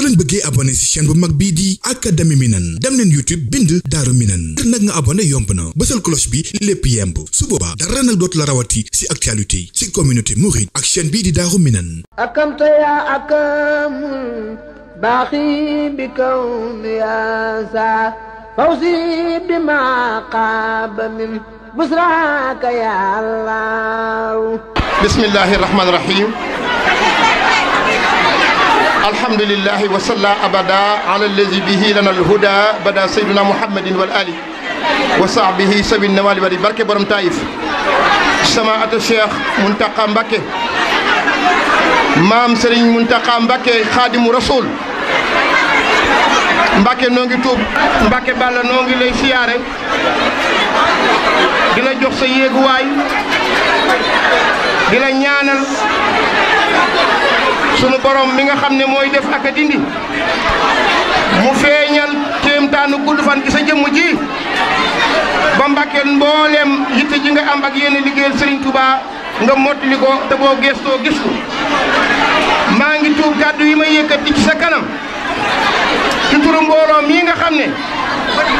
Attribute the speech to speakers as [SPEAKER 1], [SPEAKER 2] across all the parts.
[SPEAKER 1] soo leen bëggee abonné ci chaîne bu mag bii di académie Minane dem leen YouTube bind Daaru Minane ngir nag nga abonné yomb na bësal cloche bi lépp yemb su boobaa dara nag dootu la rawati ci actualité ci communauté mouride ak chaîne bii di Daaru Minane
[SPEAKER 2] akamta yaa akamul baaxi bi kawn yaa saa fawzi bi ma qaaba min busraaka yaa Allah
[SPEAKER 1] bismillahi rahmaani rahim alhamdulillahi wa salla abada ala allazi bihi lana alhuda bada sayyidina muhammadin wal ali wa sahbihi sabin nawali wali barke borom taif sama ata cheikh muntaqa mbakke maam Serigne muntaqa mbakke xaadimu rasul mbakke noo ngi tuub balla noo ngi lay siyaare jox sa yéeguwaay sunu borom mi nga xam ne mooy def ak a dindi mu feeñal kéemtaanu gudd fan gi sa jëmm ji ba Mbàkke mbooleem yitte ji nga am ak yéen liggéeyal Serigne Touba nga mottali ko te boo gestoo gis ko maa ngi tuub kàddu yi may yëkkati ci sa kanam ci turu mbooloo mii nga xam ne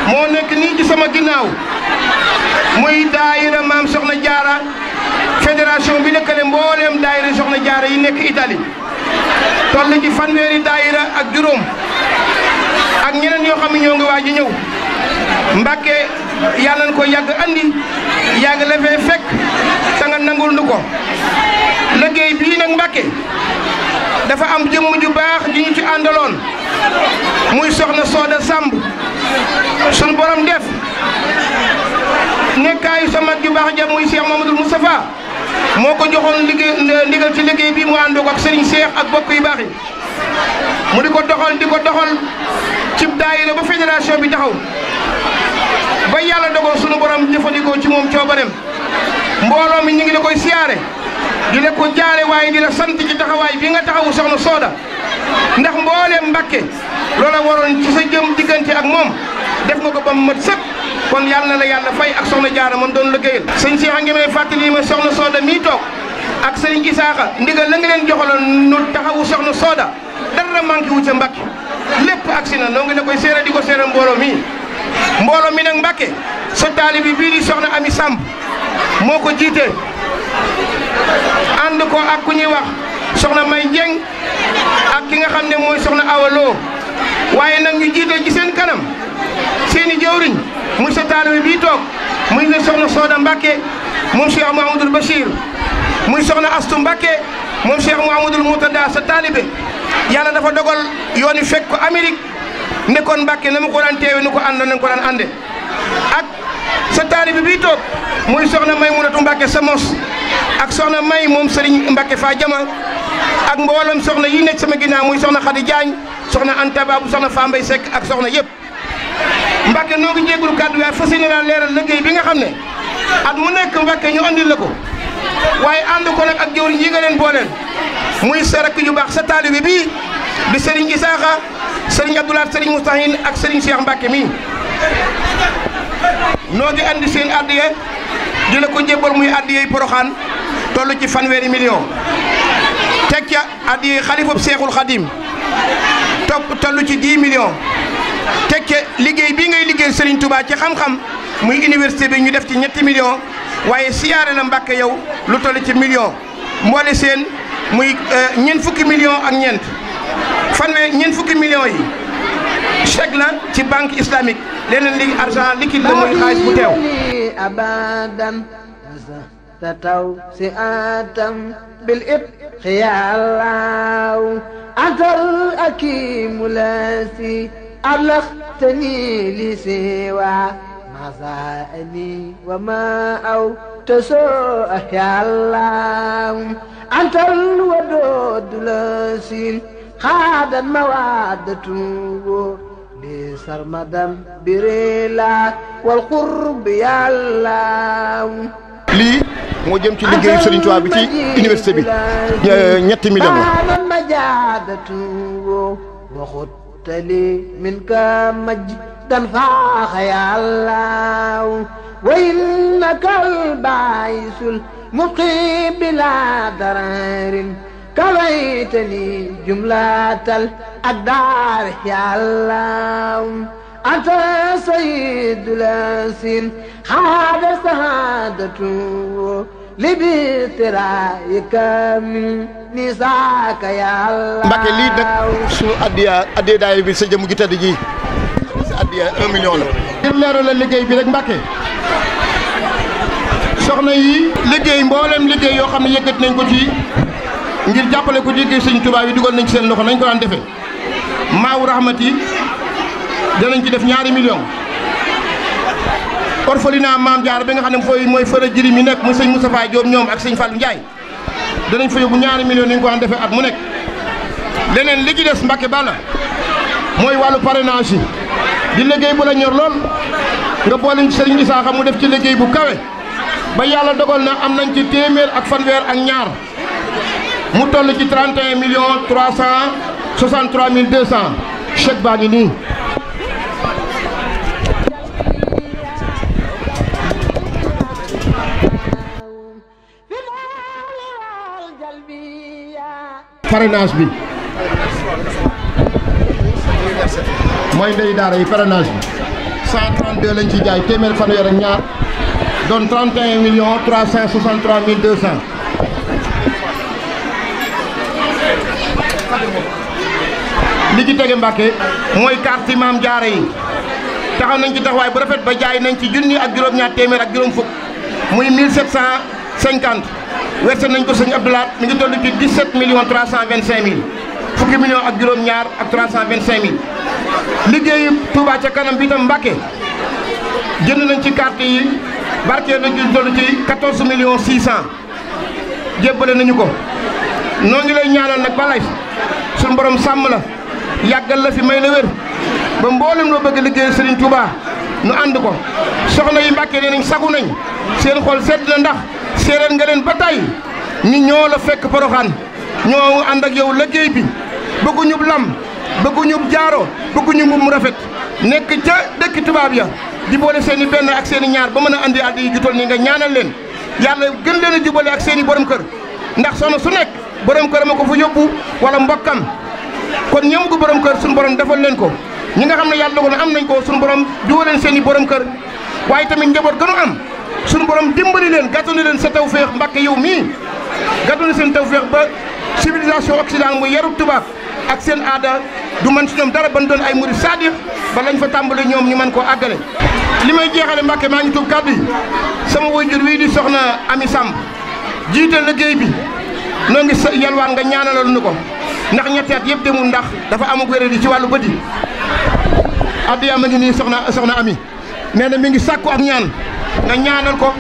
[SPEAKER 1] moo nekk nii ci sama ginnaaw mooy muy daayira maam Soxna Jaara fédération bi lëkkale mbooleem daayira Soxna Jaara yi nekk Italie toll ci fanweeri daayira ak juróom ak ñeneen yoo xam ne ñoo ngi waaj a ñëw Mbàkke yàlla nañ ko yàgg andi yàgg la fekk te nga nangul ko liggéey bii nag Mbàkke dafa am jëmm ju baax ji ñu ci àndaloon muy soxna Sooda sàmb sun borom def nekkaayu sama ju baax ja muy Cheikh mu Moustapha moo ko joxoon liggéey ndigal ci liggéey bi mu ànd ko ak Serigne Cheikh ak bokk yu baax mu di ko doxal di ko doxal ci daayira ba fédération bi taxaw ba yàlla dogal sunu borom jëfandikoo ci moom coobareem mbooloo mi ñu ngi la koy siyaare di la ko jaare waaye di la sant ci taxawaay bii nga taxawu soxna Sooda ndax mbooleem Mbàkke loola waroon ci sa jëm diggante ak moom. def nga ko ba mu mat kon yàlla na la yàlla fay ak soxna jaara man doon liggéeyal sëñ Cheikh ngi may fàttali ma soxna Sooda mii toog ak sëñ Isaaxa ndigal la nga leen joxaloon nu taxawu soxna Sooda dara manqué wu ca Mbàkke lépp agsi na noo ngi la koy séeréer di ko séeréer mbooloo mi mbooloo mi nag Mbàkke sa taali bi bii di soxna Ami Samb moo ko jiite ànd ko ak ku ñuy wax soxna May Njeng ak ki nga xam ne mooy soxna Awa waaye nag ñu jiite ci seen kanam seeni jëwriñ muy sa taalibe bii toog muy ne soxna Sooda Mbacke moom Cheikh Mouhamadul Bachir muy soxna Astu Mbacke moom Cheikh Mouhamadul Moutada sa taalibe yàlla dafa dogal yoon wi fekk ko Amérique nekkoon Mbacke na mu ko daan teewe nu ko àndoon nañ ko daan ànde ak sa taalibe bii toog muy soxna May Munatu Mbacke sa mos ak soxna May moom Serigne Mbacke fa jama ak mboolem soxna yi nekk sama ginnaaw muy soxna Khady Diagne soxna Anta Babou soxna Fambaye Seck ak soxna yëpp. Mbacke noo ngi jégalu kàddu waaye fas naa leeral liggéey bi nga xam ne at mu nekk Mbacke ñu andil la ko waaye ànd ko ak jëwriñ yi nga leen booleel muy sa rakk yu baax sa taalibe bii di Serigne Isaaxa sëriñ Abdoulaye Serigne Moustahine ak Serigne Cheikh Mbacke mii. noo ngi andi seen addiye di la ko jébbal muy addiye Poroxaan toll ci fanweeri million teg ca addiye xalifab Seexul Xadim topp toll ci 10 millions. ngay liggéey Serigne Touba ci xam-xam muy université bi ñu def ci ñetti million waaye siyaare na Mbàkke yow lu toll ci million mboole seen muy euh, ñeent fukki million ak ñeent fanwe ñeent fukki million yi chèque la ci banque islamique leneen li argent liquide la mooy xaalis bu teew
[SPEAKER 2] abadan tataw si atam bil ib أبلغتني لسوى مظائمي وما أو تسوء يا الله أنت الودود لسين خاد الموادة لسرمدا بريلا والقرب يا الله
[SPEAKER 1] lii moo jëm ci liggéeyu Serigne Touba bi ci université bi ñetti million
[SPEAKER 2] la مبتلي منك مجدا فاخ يا الله وإنك البعيس المقيم بلا ضرر كويتني جملة الأدار يا الله أنت سيد الأسين هذا سعادته Mbacke lii nag suñu
[SPEAKER 1] addiya addiya daay bi sa jëm gi tedd ji sa addiya un million la ngir leeral la liggéey bi rek Mbacke soxna yi liggéey mboolem liggéey yoo xam ne yëkkat nañ ko ci ngir jàppale ko liggéey sëñ Tuubaa yi dugal nañ ci seen loxo nañ ko daan defee maawu raxmat danañ ci def ñaari million orphelinat Maam Jaara bi nga xam ne fooy mooy fëra jëri mi nekk mu sëñ Moustapha Diop ñoom ak sëñ Fallou Ndiaye danañ fa yóbbu ñaari millions ni ñu ko daan defee at mu nekk leneen li ci des Mbàkke Balla mooy wàllu parrainage yi di liggéey bu la ñor lool nga boole sëriñ Isaaxa mu def ci liggéey bu kawe ba yàlla dogal na am nañ ci téeméer ak fanweer ak ñaar mu toll ci 31 millions 363 mille 200 chèque baa ngi nii parrainage bi mooy ndey daara yi parrainage bi 132 lañ ci jaay téeméer fanweer ak ñaar doon 31 millions 363 mille 200 li ci tege Mbàkke mooy carte maam jaare yi taxaw nañ ci taxawaay bu rafet ba jaay nañ ci junni ak juróom-ñaar téeméer ak juróom fukk muy 1750 versé nañ ko sëñ Abdou Lahad mi ngi toll ci 17 millions 325 mille fukki millions ak juróom-ñaar ak 325 mille liggéeyu Touba ca kanam bi itam Mbàkke jënd nañ ci carte yi barkeel nañ ci toll ci 14 millions 600 jébbale nañu ko noo ngi lay ñaanal nag balay suñu borom sàmm la yàggal la fi may la wér ba mboolem loo bëgg liggéeyal Serigne Touba nu ànd ko soxna yi Mbàkke ne nañ sagu nañ seen xool sedd na ndax. séeréer nga leen ba tey ni ñoo la fekk Porokhane ñoo ànd ak yow liggéey bi bëgguñu lam bëgguñu jaaro bëgguñu mu rafet nekk ca dëkk tubaab ya di boole seen i benn ak seeni ñaar ba mën a andi ak yi ju nii nga ñaanal leen yàlla gën leen a ak seeni i kër ndax soxna su nekk borom kër ma ko fa yóbbu wala mbokkam kon ñëwagu borom kër suñu borom defal leen ko ñi nga xam ne yàlla dogal na am nañ ko suñu borom jubal leen seen i borom kër waaye tamit njaboot gënu am. sunu borom dimbali leen gàttanu leen sa feex Mbàkke yow mii gàttanu seen tawféex ba civilisation occidentale muy yarub tubaab ak seen aada du man ci ñoom dara ban ay murid sadiq ba lañ fa tàmbali ñoom ñu man koo àggale li may jeexale Mbàkke maa ngi tuub kàddu yi sama waajur wii di soxna Ami Samb jiital liggéey bi noo ngi sa yalwaan nga ñaanalal nu ko ndax ñetti at yëpp demul ndax dafa amug wéré di ci wàllu bët yi addiyaama ngi nii soxna soxna Ami nee na mi ngi sàkku ak ñaan nga ñaanal ko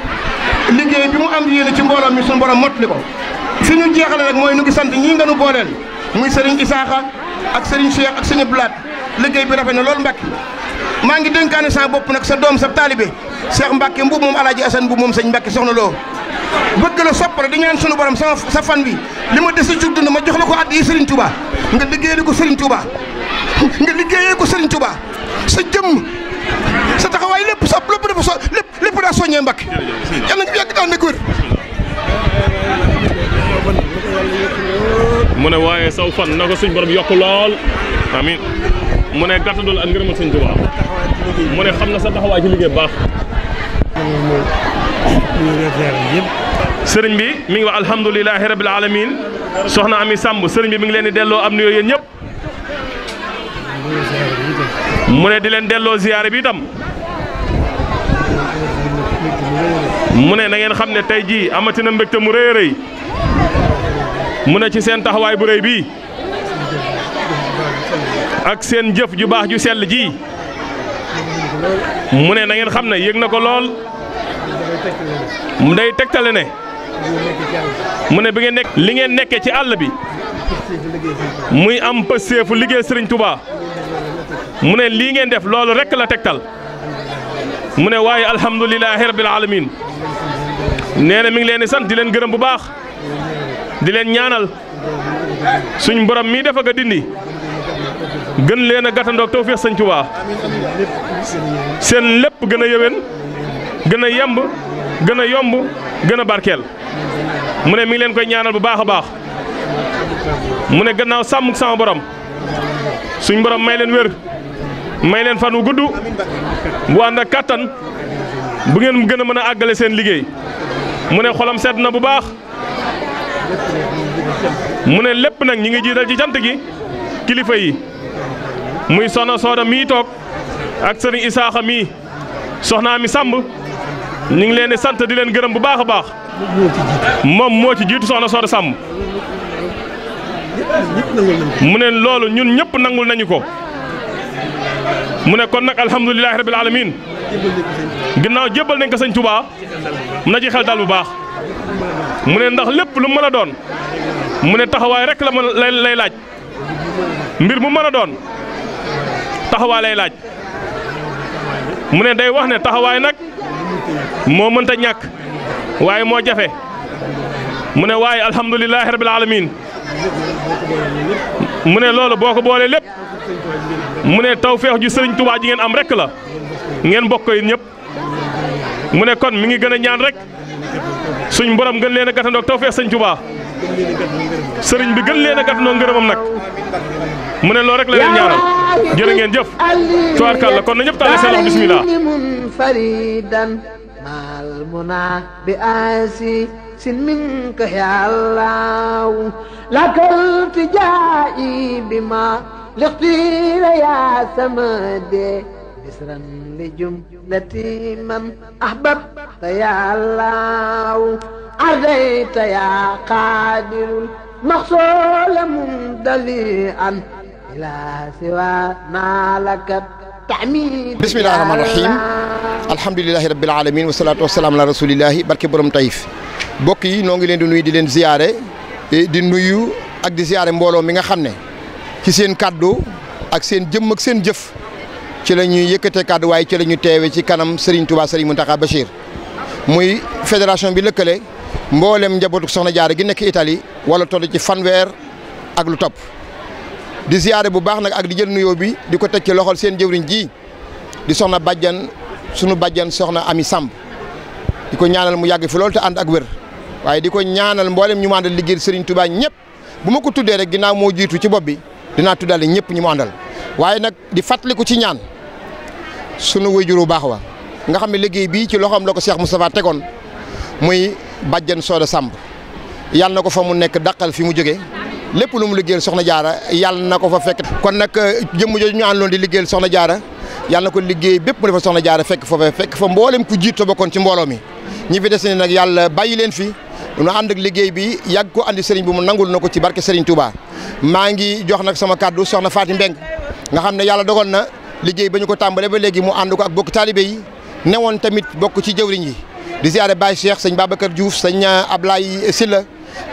[SPEAKER 1] liggéey bi mu am yéene ci mbooloo mi suñu borom mottali ko fi ñu jeexale rek mooy nu ngi sant ñii nga nu booleel muy Serigne Isaaxa ak Serigne Cheikh ak Serigne Blaat liggéey bi rafet na lool Mbacke maa ngi dénkaane sa bopp nag sa doom sa taalibe Cheikh Mbacke mbuub moom a Asan mbuub moom sëñ Mbacke soxna loo bëgg la soppare di ñaan sunu borom sama sa fan bi li ma desi jug dund ma jox la ko at yi Serigne Touba nga liggéeyee ko Serigne Touba nga liggéeyee ko Serigne Touba sa jëmm sa taxawaay lépp sa lépp dafa so lépp lépp daa soññee Mbàkke yàlla nga fi yàgg
[SPEAKER 3] mu ne waaye saw fan na ko suñ borom yokk lool amin mu ne gàttandul ak ngërëmal sëñ Tuubaa mu ne xam na sa taxawaay ci liggéey baax sëriñ bi mi ngi wax alhamdulilahi rabil alamin soxna Ami Samb sëriñ bi mi ngi leen di delloo am nuyoo yéen ñëpp mu ne di leen delloo ziyaare bi tam mu ne na ngeen xam ne tey jii amati na mbégte mu rëy rëy mu ne ci seen taxawaay bu rëy bii ak seen jëf jubaax ju sel ji mu ne na ngeen xam ne yëg na ko lool mu day tegtale ne mu ne bi ngeen li ngeen nekkee ci àll bi muy am pësteefu liggéey sëriñ tubaa mu ne lii ngeen def loolu rekk la tegtal mu ne waaye alhamdulilahi rabbil alamin nee na mi ngi leen di sant di leen gërëm bu baax di leen ñaanal suñ borom mii dafa a dindi gën leen a gàttandoog tawféex sëñ Tuubaa seen lépp gën a yëwén gën a yemb gën a yomb gën a barkeel mu ne mi ngi leen koy ñaanal bu baax a baax mu ne gannaaw sàmm sama borom suñ borom may leen wér may leen fan wu gudd bu ànd ak kàttan bu ngeen gën a mën a àggale seen liggéey mu ne xolam sedd na bu baax mu ne lépp nag ñi ngi jiital ci cant gi kilifa yi muy soxna sooda mii toog ak sëriñ isaaxa mii soxnaa mi sàmb ñu ngi leen di sant di leen gërëm bu baax a baax moom moo ci jiitu soxna sooda sàmb mu ne loolu ñun ñëpp nangul nañu ko mu ne kon nag alhamdulilahi rabil alamin ginnaaw jébbal nañ ko sëñ Touba na ci xel dal bu baax mu ne ndax lépp lu mën a doon mu ne taxawaay rek la mën lay laaj mbir mu mën a doon taxawaay lay laaj mu ne day wax ne taxawaay nag moo mënta ñàkk waaye moo jafe mu ne waaye alhamdulilahi rabil alamin mu ne loolu boo ko boolee lépp mu ne tawféex ju sëriñ Touba ji ngeen am rek la ngeen bokk yi ñëpp mu ne kon mi ngi gën a ñaan rek suñ borom gën leen a gàttandoog sëñ Touba sëriñ bi gën leen a gàttandoog ngërëmam nag mu ne loolu rek la leen ñaanal jërë ngeen jëf tubaarkàlla la kon na ñëpp tàlle seen loxo bismillah
[SPEAKER 2] المنى بآسي سن منك يا الله لك التجائي بما لقيل يا سمادي بسرا لجملتي من أحببت يا الله عزيت يا قادر المغسول ممتلئا إلى سوى ما لك تعميد bismillaahi rahmaani rahiim
[SPEAKER 1] alhamdulillaahi rabbil aalamiin wasalaatu wasalaam ala rasuulillaahi barke borom Taïf mbokk yi noo ngi leen di nuyu di leen ziyaare eh, di nuyu ak di ziyaare mbooloo mi nga xam ne ci seen kàddu ak seen jëmm seen jëf ci la ñuy yëkkatee kàddu waaye ci la teewee ci kanam Serigne Touba mu Mountakha Bachir muy fédération bi lëkkale mboolem njabootu soxna jaara gi nekk itali wala toll ci fanweer ak lu topp. di ziyaare bu baax nag ak di jël nuyoo bi di ko teg ci loxol seen jëwriñ ji di soxna bàjjan sunu bàjjan soxna Ami Samb di ko ñaanal mu yàgg fi loolu te ànd ak wér waaye di ko ñaanal mboolem ñu màndal liggéey Serigne Touba ñëpp bu ma ko tuddee rek ginnaaw jiitu ci bopp bi. dinaa tuddale ñëpp ñi mu àndal waaye nag di fàttaliku ci ñaan sunu wëyjuru baax wa nga xam ne liggéey bii ci loxoom la ko mu Moustapha tegoon muy bàjjen Sooda Samb yàlla na ko fa mu nekk dàqal fi mu jóge lépp lu mu liggéeyal soxna jaara yàlla na ko fa fekk. kon nag euh, jëmm jooju ñu àndoon di liggéeyal soxna jaara yàlla na ko liggéey bépp mu defa soxna jaara fekk foofa fekk fa mboolem ku jiit te bokkoon ci mbooloo mi ñi fi des ne nag yàlla bàyyi leen fi. nu ànd ak liggéey bi yàgg ko andi Serigne bi mu nangul na ko ci barke Serigne Touba maa ngi jox nag sama kàddu soxna Faati Mbeng nga xam ne yàlla dogal na liggéey ba ñu ko tàmbalee ba léegi mu ànd ko ak bokk taalibe yi newoon tamit bokk ci jëwriñ yi di ziare Baye Cheikh sëñ Babacar Diouf sëñ euh, Ablaye Silla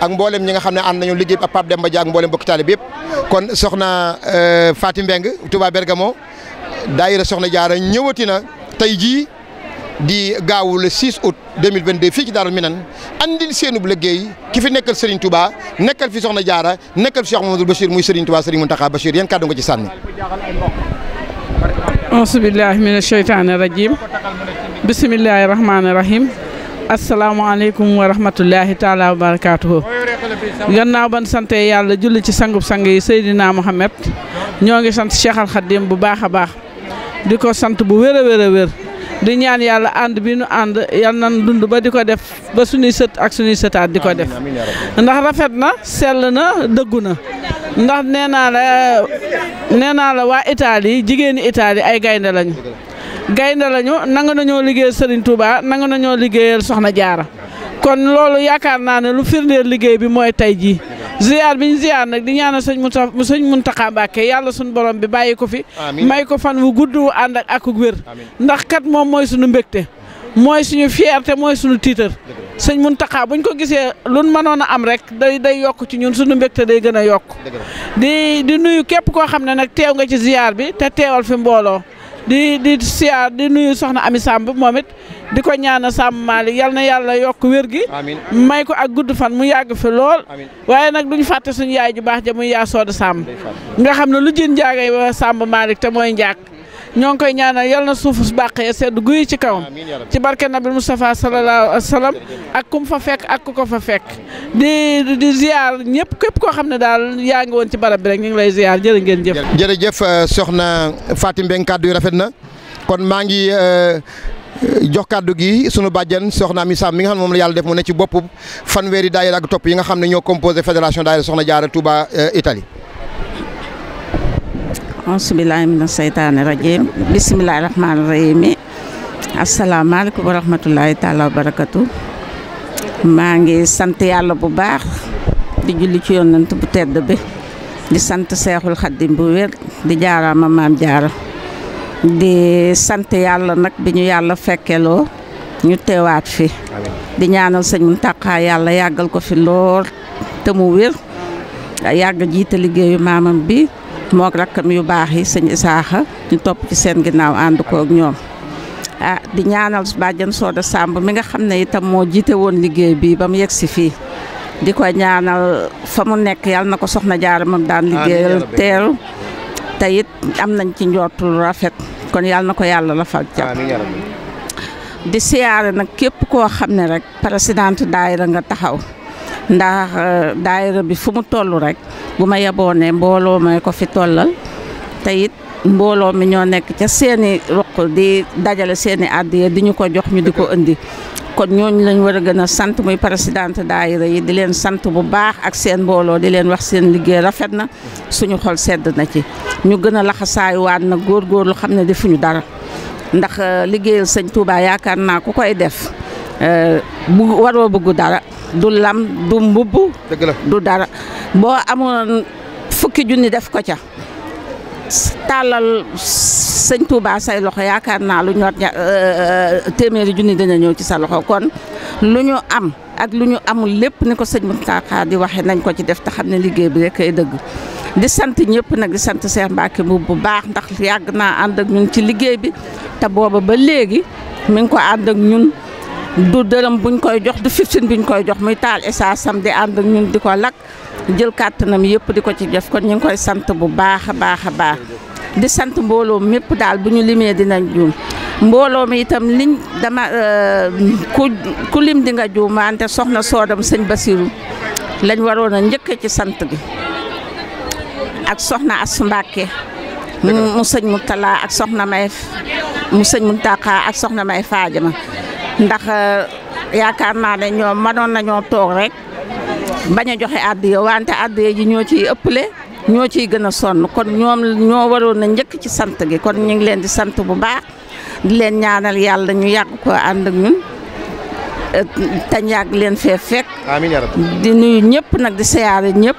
[SPEAKER 1] ak mboolem ñi nga xam ne ànd nañu liggéey ak Pape Demba Dia ak mboolem bokk taalibe yëpp kon soxna euh, Faati Mbeng Touba Bergamo daayira soxna jaara ñëwati na tey jii di gaawu le 6 août 2022 fii ci Daaru Minane andil seenub liggéey ki fi nekkal Serigne Touba nekkal fi Soxna Jaara nekkal fi Cheikh Mamadou Bachir muy Serigne Touba Serigne Mountakha Bachir yan kàddu nga ci sànni.
[SPEAKER 4] auzu billaahi mina sheytaani rajiim bismillaahi rahmaani rahiim asalaamaaleykum wa rahmatullaahi taalaa wa barakaatuhu. gannaaw ban sante yàlla julli ci sangub sang yi Seydina Mohamed ñoo ngi sant Cheikh Al Khadim bu baax a baax di ko sant bu wér a wér a wér. di ñaan yàlla ànd bi nu ànd yal nan dund ba di ko def ba suñuy sët ak suñuy sëtaat di ko def ndax rafet na sell na dëggu na ndax nee naa la nee naa la waa Italie jigéeni Italie ay gaynde lañu gaynde lañu nanga nañoo liggéeyal Serigne Touba nanga nañoo liggéeyal Soxna Jaara kon loolu yaakaar naa ne lu firndeel liggéey bi mooy tey jii ziar bi ñu ziar nag di ñaanal sëñ Mouta sëñ Mountakha Mbacké yàlla suñu borom bi bàyyi ko fi. may ko fan wu gudd wu ànd ak akuk wér. ndax kat moom mooy suñu mbégte. mooy suñu fierté mooy suñu tiitar. sëñ bu ñu ko gisee luñ mënoon a am rek day day yokk ci ñun suñu mbégte day gën a yokk. di di nuyu képp koo xam ne nag teew nga ci ziar bi te teewal fi mbooloo. di di ziar di nuyu soxna Ami Samb moom di ko ñaana sàmm Malick yal na yàlla yokk wér gi may ko ak gudd fan mu yàgg fi lool waaye nag ñu fàtte suñu yaay ju baax ja muy yaa sooda sàmm nga xam ne lu jën njaagay wa sàmm Malick te mooy njaag ñoo ngi koy ñaana yal na suuf su bàqee sedd guy ci kawam ci barke nabi Moustapha sallallahu alayhi wa sallam ak kum fa fekk ak ku ko fa fekk di di ziar ñëpp képp koo xam ne daal yaa ngi woon ci barab bi rek ñu ngi lay ziar jërë ngeen jëf. jërëjëf
[SPEAKER 1] soxna Fatim Mbeng kàddu yu rafet na jox kàddu gi sunu bàjjen soxna Ami Sam mi nga xam ne moom la yàlla def mu ne ci bopp fanweeri daayira ak topp yi nga xam ne ñoo composé fédération daayira soxna jaara Touba euh, Italie
[SPEAKER 5] asubilahi mina seytaani rajim bisimilahi rahmaani rahim asalaamaaleykum wa rahmatulahi taala wa barakatu maa ngi sant yàlla bu baax di julli ci yonent bu tedd bi di sant seexul xaddim bu wér di jaaraama maam jaara di sant yàlla nag bi ñu yàlla fekkeloo ñu teewaat fi di ñaanal sëñ Mountakha yàlla yàggal ko fi lool te mu wér yàgg jiite liggéeyu maamam bi mook rakkam yu baax yi sëñ Isaaxa ñu topp ci seen ginnaaw ànd ko ñoom ah di ñaanal bàjjan Sooda sàmb mi nga xam ne itam moo jiite woon liggéey bi ba mu yegg si fii di ko ñaanal fa mu nekk yàlla na ko soxna jaara mam daan liggéeyal teeru te it am nañ ci njootul rafet kon yàlla na ko yàlla la fal ca di siyaare nag képp koo xam ne rek présidente daayira nga taxaw ndax euh, daayira bi fu mu toll rek bu ma yeboon ne mbooloo may ko fi tollal te it mbooloo mi ñoo nekk ca seeni ruq di dajale seeni àddiya di ñu ko jox ñu di ko indi kon ñooñu lañ war a gën a sant muy présidente daayira yi di leen sant bu baax ak seen mbooloo di leen wax seen liggéey rafet na suñu xol sedd na ci ñu gën a laxasaayuwaat góor góorgóorlu xam ne defuñu dara ndax euh, liggéeyal sëñ Touba yaakaar naa ku koy def euh, bu waroo bëgg dara du lam du mbubb du dara boo amoon fukki junni def ko ca tàllal sëñ Touba say loxo yaakaar naa lu ñor euh, téeméeri junni dina ñëw ci sa loxo kon lu ñu am ak lu ñu amul lépp ni ko sëñ Mountakha di waxee nañ ko ci def te xam ne liggéey bi rek ay dëgg di sant ñëpp nag di sant Cheikh Mbacke bu bu baax ndax yàgg naa ànd ak ñun ci liggéey bi te booba ba léegi mu ngi ko ànd ak ñun du dërëm buñ koy jox du fifteen buñ koy jox muy taal esaasam di ànd ak ñun di ko lakk. jël kàttanam yëpp di ko ci def kon ñu ngi koy sant bu baax a baax a baax di sant mbooloo mépp daal bu ñu limee dinañ juum mbooloo mi itam liñ dama euh, ku lim dinga nga juumante soxna soodam sëñ Basiru lañ waroon a njëkk ci sant gi ak soxna Asu Mbàkke mu sëñ Mutala ak soxna may mu sëñ Mutaka ak soxna may ma ndax euh, yaakaar naa ne ñoom manoon nañoo toog rek bañ a joxe addiya wante addiya ji ñoo ciy ëpple ñoo ciy gën a sonn kon ñoom ñoo waroon na njëkk ci sant gi kon ñu ngi leen di sant bu baax di leen ñaanal yàlla ñu yàgg ko ànd ak ñun te yàgg leen fee fekk. amiin yaa di nuyu ñëpp nag di siyaare ñëpp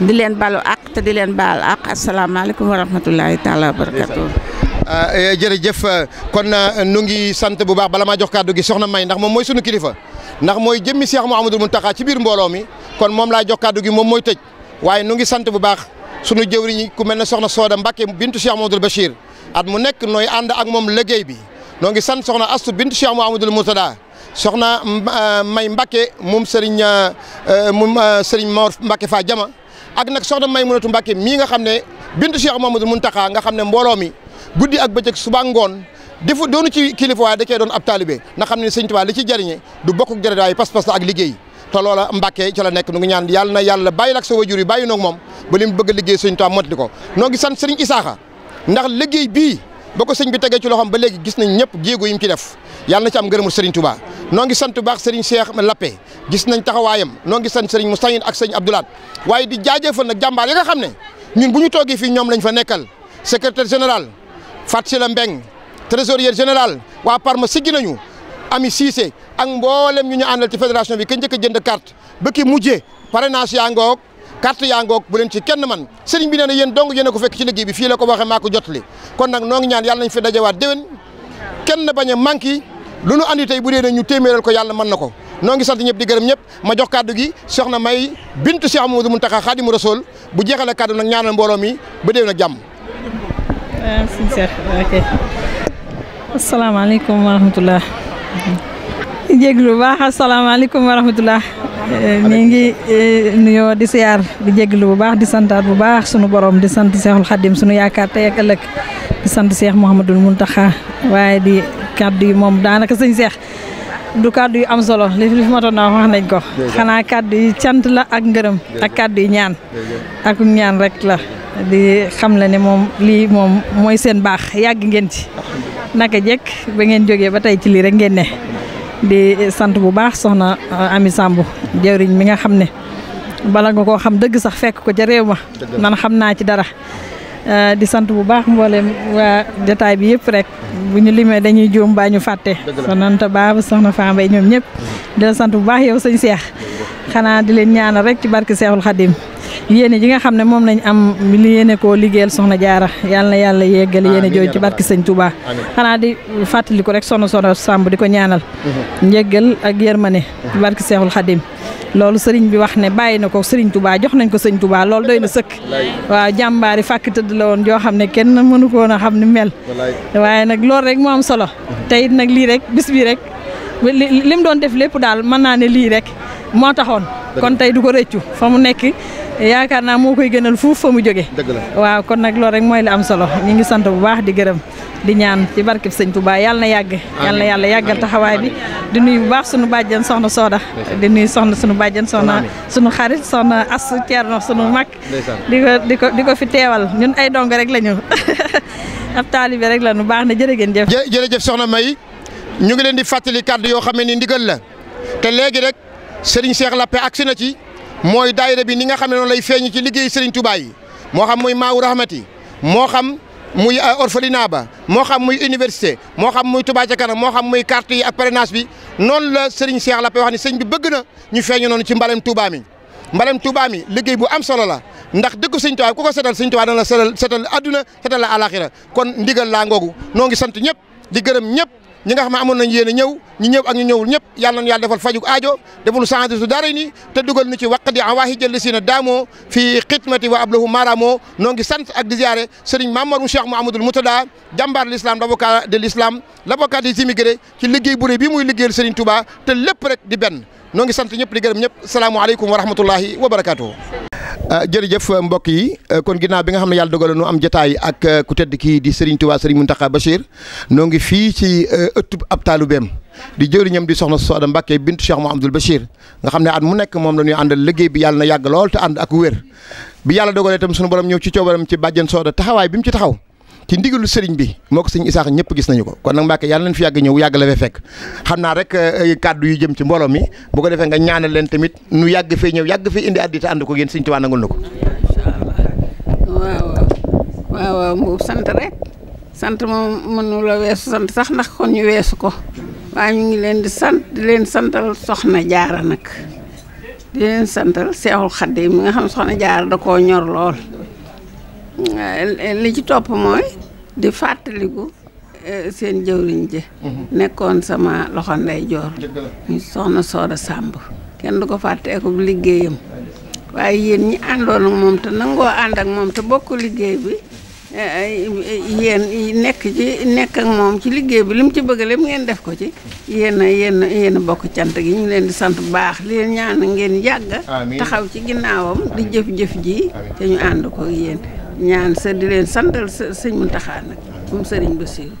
[SPEAKER 5] di leen balu ak te di leen baal ak asalaamaaleykum wa rahmatulahi taala wa barakatuh.
[SPEAKER 1] Eh, jërëjëf kon eh, nu ngi sant bu baax bala maa jox kàddu gi soxna May ndax moom mooy sunu kilifa ndax mooy jëmmi Cheikh Mouhamadul Mountakha ci biir mbooloo mi. kon moom laa jox kàddu gi moom mooy tëj waaye nu ngi sant bu baax sunu jëwriñ ku mel ne soxna Sooda Mbacke bintu Cheikh Mamadou Bachir at mu nekk nooy ànd ak moom liggéey bi noo ngi sant soxna Astu bintu Cheikh Mamadou Moutada soxna euh, May Mbacke moom Serigne euh, moom euh, Serigne Mor Mbacke fa jama ak nag soxna May Munatu Mbacke mii nga xam ne bintu Cheikh Mamadou Muntaxa nga xam ne mbooloo mi guddi ak bëccëg suba ngoon defu doonu ci kilifa waaye da cee doon ab taalibe nga xam ne Sëñ Tuubaa li ci jëriñe du bokk ak jërëjëf waaye pas-pas la ak liggéey. te loola Mbàkke ci la nekk nu ñaan yàlla na yàlla bàyyi ak sa wajur yi bàyyi noog moom ba li mu bëgg a liggéey sëñ Tuubaa motali ko noo ngi sant sëriñ Isaaxa ndax liggéey bii ba ko sëñ bi tegee ci loxoom ba léegi gis nañ ñëpp jéego yi mu ci def yàlla na ci am ngërëmul sëriñ Tuubaa noo ngi sant baax sëriñ Cheikh Lappé gis nañ taxawaayam noo ngi sant sëriñ Moustahine ak sëriñ Abdoulaat waaye di jaajëfal nag jàmbaar ya nga xam ne ñun bu ñu toogee fii ñoom lañ fa nekkal secrétaire général Fatou Sila Mbeng trésorier général waa Parma siggi nañu ami Cissé ak mboolem ñu ñu àndal ci fédération bi ka njëkk a jënd carte ba ki mujjee parrainage yaa ngoog carte yaa ngoog bu leen ci kenn man sëriñ bi nee na yéen dong yéen a ko fekk ci liggéey bi fii la ko waxee maa ko jotali kon nag noo ngi ñaan yàlla nañ fi dajewaat déwén kenn bañ a manqué lu nu andi bu dee ñu téeméeral ko yàlla mën na ko noo ngi sant ñëpp di gërëm ñëpp ma jox kàddu gi soxna May bint Cheikh Amadou Mountakha Khadimu Rasoul bu jeexalee kàddu nag ñaanal mbooloo mi ba déwén ak jàmm.
[SPEAKER 6] waaw euh, sincère ok asalaamaaleykum wa jéglu baax asalaamaaleykum wa rahmatulah ñu eh, ngi eh, nuyoo di siyaar di jéglu bu baax di santaat bu baax sunu borom di sant Seexul Xadim sunu yaakaar tey ak ëllëg di sant Seex Muhammadul Muntaxa waaye di kàddu yi moom daanaka sëñ Seex du kàddu yu am solo li fi ma doon wax nañ ko xanaa kàddu yi cant la ak ngërëm ak kàddu yi ñaan ak ñaan rek la di xam la ne moom lii moom mooy seen baax yàgg ngeen ci naka jekk ba ngeen jógee ba tey ci lii rek ngeen ne di sant bu baax soxna uh, Ami Samb jawriñ mi nga xam ne bala nga koo xam dëgg sax fekk ko ca réew ma nan xam naa ci dara uh, di sant bu baax mboolem waa jataay bi yëpp rek bu ñu limee dañuy juum baa ñu fàtte sonanta baa soxna Fambay ñoom ñëpp mm. di sant bu baax yow sëñ Seex xanaa di leen ñaanal rek ci barke Seexul Xadim yéene ji nga xam ne moom lañ am li yéene koo liggéeyal soxna jaara yàlla na yàlla yeggal yéene jooju ci barki sëñ Touba xanaa di fàttali ko rek sono sono sàmb di ko ñaanal mhm. njéggal ak yërmane ci mhm. barki seexul xadim loolu sëriñ bi wax ne bàyyi na ko sëriñ Touba jox nañ ko sëñ Touba loolu doy na sëkk waaw jàmbaari fàkk tëdd la woon joo xam ne kenn mënu koon a xam ni mel waaye nag loolu rek moo am solo mhm. te nag lii rek bis bii rek li mu doon def lépp daal mën naa ne lii rek moo taxoon kon tey du ko rëccu fa mu nekk yaakaar naa moo koy gënal fuuf fa mu jóge waaw kon nag lool rek mooy li am solo ñu ngi sant bu baax di gërëm di ñaan ci barkeb sëñ Touba yàlla na yàgg yàlla na yàlla yàggal taxawaay bi di nuyu bu baax sunu bàjjen soxna Soda di nuyu soxna sunu bàjjen soxna sunu xarit soxna as Thierno sunu mag di ko di ko di ko fi teewal ñun ay dong rek la ñu ab taalibe rek la nu baax na jërë ngeen jëf jërëjëf soxna May ñu ngi leen di fàttali
[SPEAKER 1] kàdd yoo xam ne ni ndigal la Serigne Cheikh Lappé agsi na ci mooy daayira bi ni nga xam ne noonu lay feeñ ci liggéey seriñ tubaay yi moo xam muy Maawu Rahmati moo xam muy euh, orphelinat ba moo xam muy université moo xam muy Touba ca kanam moo xam muy carte yi ak parrainage bi noonu la Serigne Cheikh Lappé wax ni sëñ bi bëgg na ñu feeñu noonu ci mbalem Touba mi. mbalem Touba mi liggéey bu am solo la ndax dëkk Sëñ Touba ku ko setal Sëñ Touba dana la setal setal adduna setal la alaxira kon ndigal laa noo ngi sant ñëpp di gërëm ñëpp. ñi nga xam ne amoon nañ yéen a ñëw ñi ñëw ak ñu ñëwul ñëpp yal nañu yàlla defal fajug aajo deful sandisu daara ni te dugal nu ci waqdi en waaxi jëlli si na daamoo fii xitmati wa ablahu maramo noo ngi sant ak di ziare sëriñ Mamadou Cheikh Mouhamadoul Moutada jàmbaar l'islam l'avocat de l'islam l'avocat des immigrés ci liggéey bu rëy bi muy liggéeyal sëriñ Touba te lépp rek di benn noo ngi sant ñëpp di gërëm ñëpp salaamualeykum wa rahmatullahi wa barakatuhu Euh, jërëjëf euh, mbokk yi euh, kon ginnaaw bi nga xam ne yàlla dogal nu am jotaay ak ku tedd kii di Serigne mu Serigne Mountakha Bachir noo ngi fii ci ëttub ab taalubeem di jëriñam di soxna Soda Mbacke bintu Cheikh Mouhamadoul Bachir nga xam ne at mu nekk moom la ñuy àndal liggéey bi yàlla na yàgg lool te ànd ak wér bi yàlla dogalee itam sunu borom ñëw ci coobaram ci bàjjen Soda taxawaay bi mu ci taxaw ci ndigalu sëriñ bi moo ko sëñ Isaax ñëpp gis nañu ko kon nag Mbàkke yàlla nañ fi yàgg ñëw yàgg la fee fekk xam naa rek eh, eh, kàddu yu jëm ci mbooloo mi bu ko defee nga ñaanal leen tamit nu yàgg fee ñëw yàgg fee indi addi te ànd ko yéen sëñ Tuubaa nangul na ko
[SPEAKER 7] waaw waaw waaw sax ndax kon ñu weesu ko leen di sant di leen santal soxna jaara nag di leen santal seexul xaddi mi nga xam soxna jaara da koo ñor lool li ci topp mooy di fàttaliku eh, seen jëwriñ ji mm-hmm. nekkoon sama loxo ndeyjoor ñu soxna Sooda Sàmb kenn du ko fàtteeku liggéeyam waaye yéen ñi àndoon ak moom te nangoo ànd ak moom te bokk liggéey bi eh, yéen nekk ci nekk ak moom ci liggéey bi li mu ci bëgg lépp ngeen def ko ci yéen yéen yéen bokk cant gi ñu leen di sant bu baax li leen ñaan ngeen yàgg taxaw ci ginnaawam di jëf-jëf ji te ñu ànd ko yéen ñaan sa di leen santal sëñ Muntaxa nag moom sëriñ Basiiru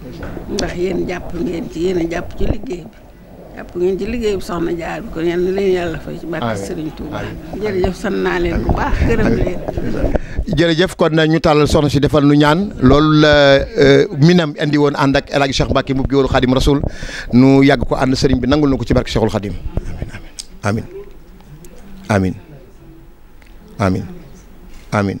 [SPEAKER 7] ndax yéen jàpp ngeen ci yéen jàpp ci liggéey bi jàpp ngeen ci liggéey bi soxna jaar bi kon yàlla fay ci barke sëriñ Touba jërëjëf sant naa leen bu baax gërëm leen
[SPEAKER 1] jërëjëf kon ñu tàllal soxna si defal nu ñaan loolu la euh, minam indi woon ànd ak El Hadj Cheikh Mbacke mu géwëlu Xadim Rasul nu yàgg ko ànd sëriñ bi nangul na ko ci barke Cheikhul Xadim amin amin